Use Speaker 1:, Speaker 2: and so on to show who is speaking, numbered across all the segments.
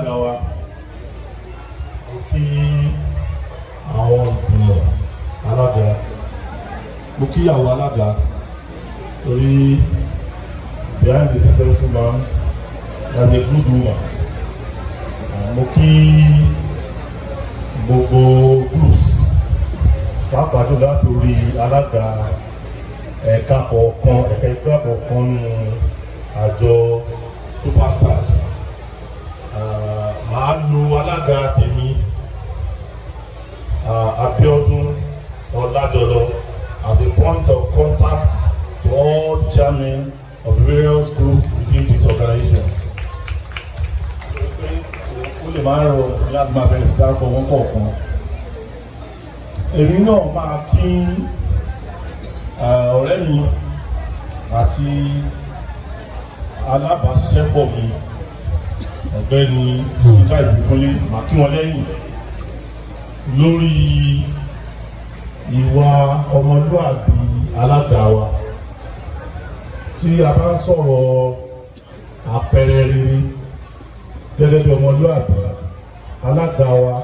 Speaker 1: alága wa mo kí àwọn ìgbìmọ̀ alága mo kí àwọn alága torí behind the successful man na the good woman mo kí gbogbo groups pàápàá jù láti orí alága ẹ̀ka kọ̀ọ̀kan ẹ̀ka ẹgbẹ́ kọ̀ọ̀kan nínú àjọ superstar lo alága tèmi uh, Abiodun Ọládọlọ as a point of contact to all chairmen of various groups within this organization. ó lè máa ń rọ ìyá àgbà bẹ̀rẹ̀ sí dárúkọ wọn kọ̀ọ̀kan. èmi náà máa kí uh, ọ̀rẹ́ mi àti alábàáṣiṣẹ́pọ̀ mi ọ̀gbẹ́ni ìka ìbíkúnlé màkíwọlẹ́yìn lórí ìwà ọmọlúwàbí alága wa tí a bá ń sọ̀rọ̀ àpẹẹrẹ rere gẹ́gẹ́ bí ọmọlúwàbí alága wa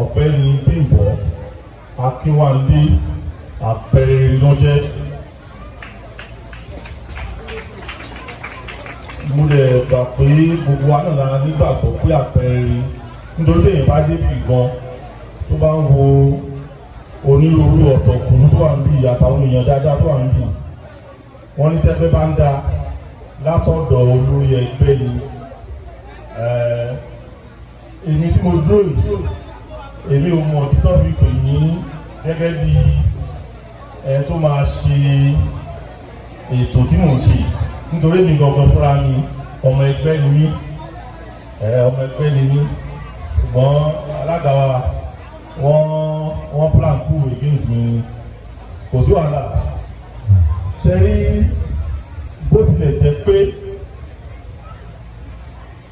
Speaker 1: ọ̀gbẹ́ni Bímbọ́ Akínwándé. mo lè gbà pé gbogbo wa náà la nígbàgbọ́ pé àpẹẹrẹ nítorí téèyàn bá débì gan tó bá ń wo onírúurú ọ̀tọ̀kùnrin tó wà ń bì àtàwọn èèyàn dáadáa tó wà ń bì wọ́n ní tẹ́fẹ́ bá ń da látọ̀dọ̀ olórí ẹgbẹ́ ni èmi tí mo dúró yìí èmi ò mọ̀ títọ́ fi pè ní gẹ́gẹ́ bí ẹ tó máa ṣe ètò tí mò ń ṣe nítorí mi gbọ̀ngàn fúnra mi ọmọ ẹgbẹ́ ni mí ọmọ ẹgbẹ́ ni mí ṣùgbọ́n alága wa wọ́n wọ́n plan cool against mi kò sí wàhálà ṣe rí bó tilẹ̀ jẹ́ pé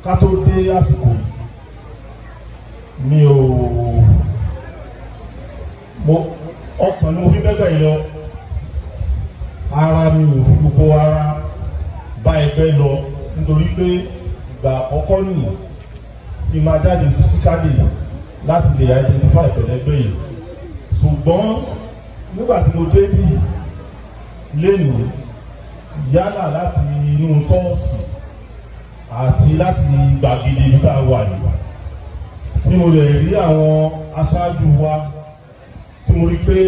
Speaker 1: ká tó dé àsìkò mi ò mo ọkàn ni mo fi bẹ́ẹ̀ bẹ́ẹ̀ yọ ara mi ò fi gbogbo ara fẹ́ lọ nítorí pé ìgbà àkọ́kọ́ nìyí tí máa jáde fisikálì láti lè identify ìpẹ̀lẹ́gbẹ́ yìí ṣùgbọ́n nígbà tí mo dé bí lẹ́nu yálà láti inú ṣọ́ọ̀ṣì àti láti gbàgede ibi tá a wà yìí tí mo lè rí àwọn aṣáájú wa tí mo rí pé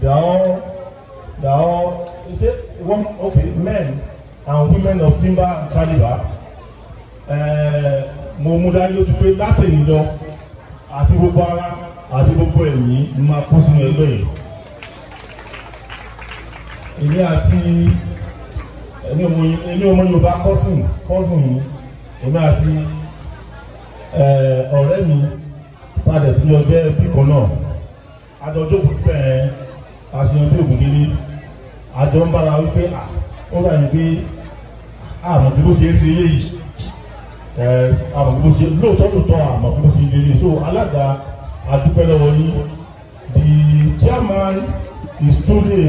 Speaker 1: they are all is it one okay men and women of timber and calibre eh, mo mú dájú ojú pé látẹ̀yìn lọ àti gbogbo ara àti gbogbo ẹ̀yìn ni máa kó sínú ẹgbẹ́ yìí èmi àti èmi ọmọ Yorùbá cousin cousin mi èmi àti eh, ọ̀rẹ́ mi padà tí lọ jẹ́ ẹbí kan náà àjọ jókòó síbẹ̀ yẹn àṣeyàn bí ògùn nílé àjọ ń bára wípé à ó rà yín pé àmọ̀ bí ló ṣe ń ṣe ilé yìí ẹ àmọ̀ bí ló ṣe lóòótọ́ lóòótọ́ àmọ̀ ṣe ń ṣe ilé so alága adúpẹ́ lọ́wọ́ yín the chairman is truly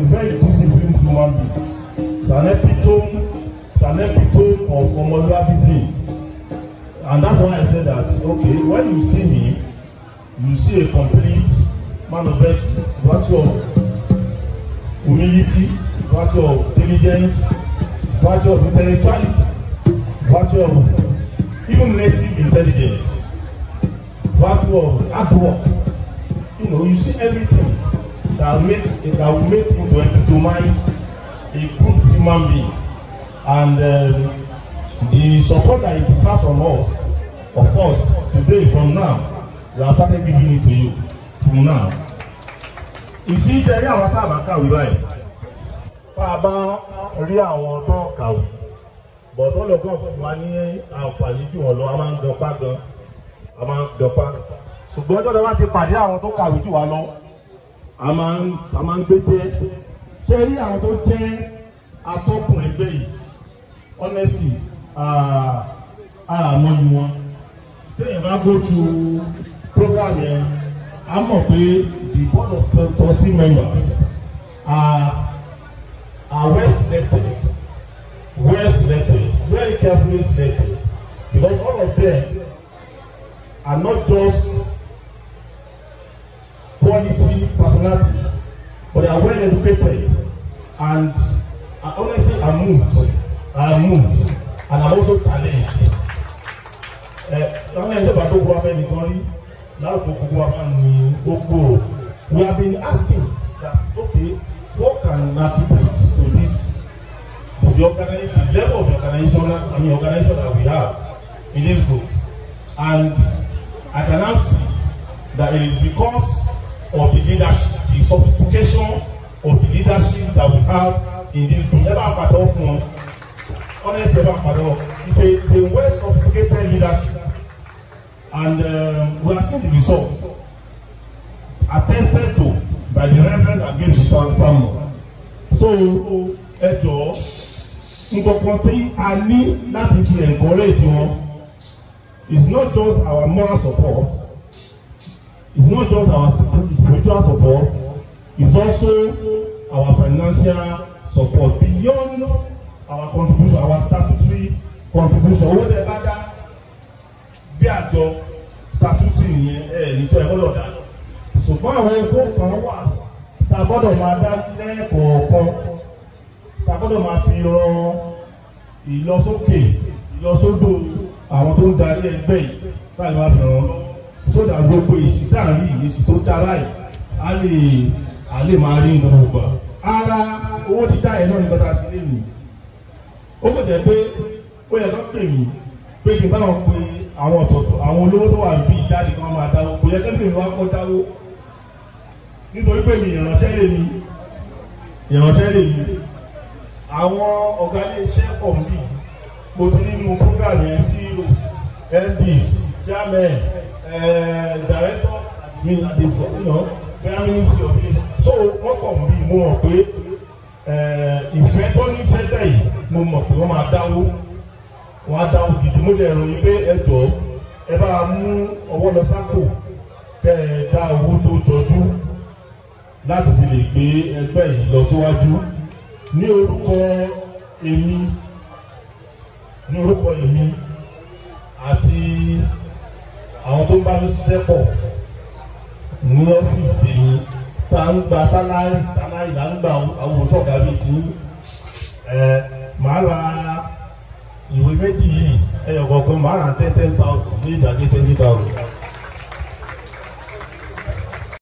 Speaker 1: a very disciplined human being an epitome an epitome of ọmọlúwàbísì and that's why I said that okay when you see me you see a complete man of virtue virtue of humility virtue of diligence, virtue of intellectuality, virtue of even native intelligence, virtue of hard work. You know, you see everything that make that will make people epitomize a good human being. And um, the support that you deserves from us, of us today from now, we have started giving it to you from now. Ìtí ìtẹ̀rí àwọn tá a bá kàwé báyìí tá a bá rí àwọn tó kàwé bọ̀dọ́ lọ́gàn fún wa ní àǹfààní jù wọ́n lọ a máa ń dọ́pá gan a máa ń dọ́pá ṣùgbọ́n tọ́lá bá ti pàdé àwọn tó kàwé jù wá lọ a máa ń a máa ń gbé jẹ́ ṣe rí àwọn tó jẹ́ atọ́kùn ẹgbẹ́ yìí honestly àmọ́ wọn téèyàn bá go to program yẹn a mọ̀ pé the board of trustees members are. carefully said because all of them are not just quality personalities but they are well educated and I honestly am moved I am moved and I am also challenged láwọn ẹ̀ṣẹ̀ bá tó wọ abẹ́ nìkan rí láàbò gbogbo àwọn ní we have been asking that okay what can na people do this the, organi- level of organization, I mean, organization that we have in this group. And I can now see that it is because of the leadership, the sophistication of the leadership that we have in this group. Ever Apatow fún wọn, honest Ever Apatow, it's a it's a well sophisticated leadership and um, we are seeing the results attested to by the reverend abdul santamo. So ẹ jọ̀ọ́ nǹkankan tí a ní láti fi encourage wọn is not just our moral support is not just our spiritual support is also our financial support beyond our contribution our statutory contribution owó tẹ́ bá dá bí àjọ statutory yẹn ẹ níjọ ẹ gbọ́dọ̀ dá ṣùgbọ́n àwọn ẹgbẹ́ kan wà tá a gbọ́dọ̀ máa dá lẹ́ẹ̀kọ̀ọ̀kan ta gbọ́dọ̀ máa fi ran ìlọsókè ìlọsódò àwọn tó ń darí ẹgbẹ́ yìí láì máa fi ràn sódà gbogbo èsì tá à ń rí èsì tó dára yìí á lè á lè máa rí nínú gbà. ara owó dídá yẹn náà ní bàtà sí lè mí ó kò jẹ́ pé ó yẹ kó pè mí pé kí n báwọn pe àwọn ọ̀tọ̀ọ̀tọ̀ àwọn olówó tó wà níbí jáde kí wọ́n máa dáwó kò yẹ kó pè mí wá kó dáwó nítorí pé mi ìrànṣẹ́ lè mi ìrànṣẹ́ lè mi àwọn ọ̀gá iléeṣẹ́ pọ̀ ń bì mo ti ní mo program yẹn ceos mbs chairman eh, director mi àti gómìnà prime minister of india so wọ́n kọ̀ ń bì mo mọ̀ pé eh, ìfẹ́ tó ní sẹ́tẹ̀ yìí mo mọ̀ pé wọ́n máa dáwó wọ́n á dáwó gidi mo dẹ̀ ròyìn pé ẹ jọ̀ọ́ ẹ bá mú ọwọ́ lọ sápò kẹ́ ẹ dá owó tó jọjú láti fi lè gbé ẹgbẹ́ yìí lọ síwájú ní orúkọ èmi ní orúkọ èmi àti àwọn tó ń bá mi ṣiṣẹ́ pọ̀ ní ọ́fíìsì yìí tá à ń gba sálárì sálárì là ń gba àwọn òṣọ́gà bíi ti ẹ̀ màá ra ìwé méjì yìí ẹ̀yọ̀kọ̀ọ̀kan màá ra ten ten thousand ní ìdajì twenty thousand.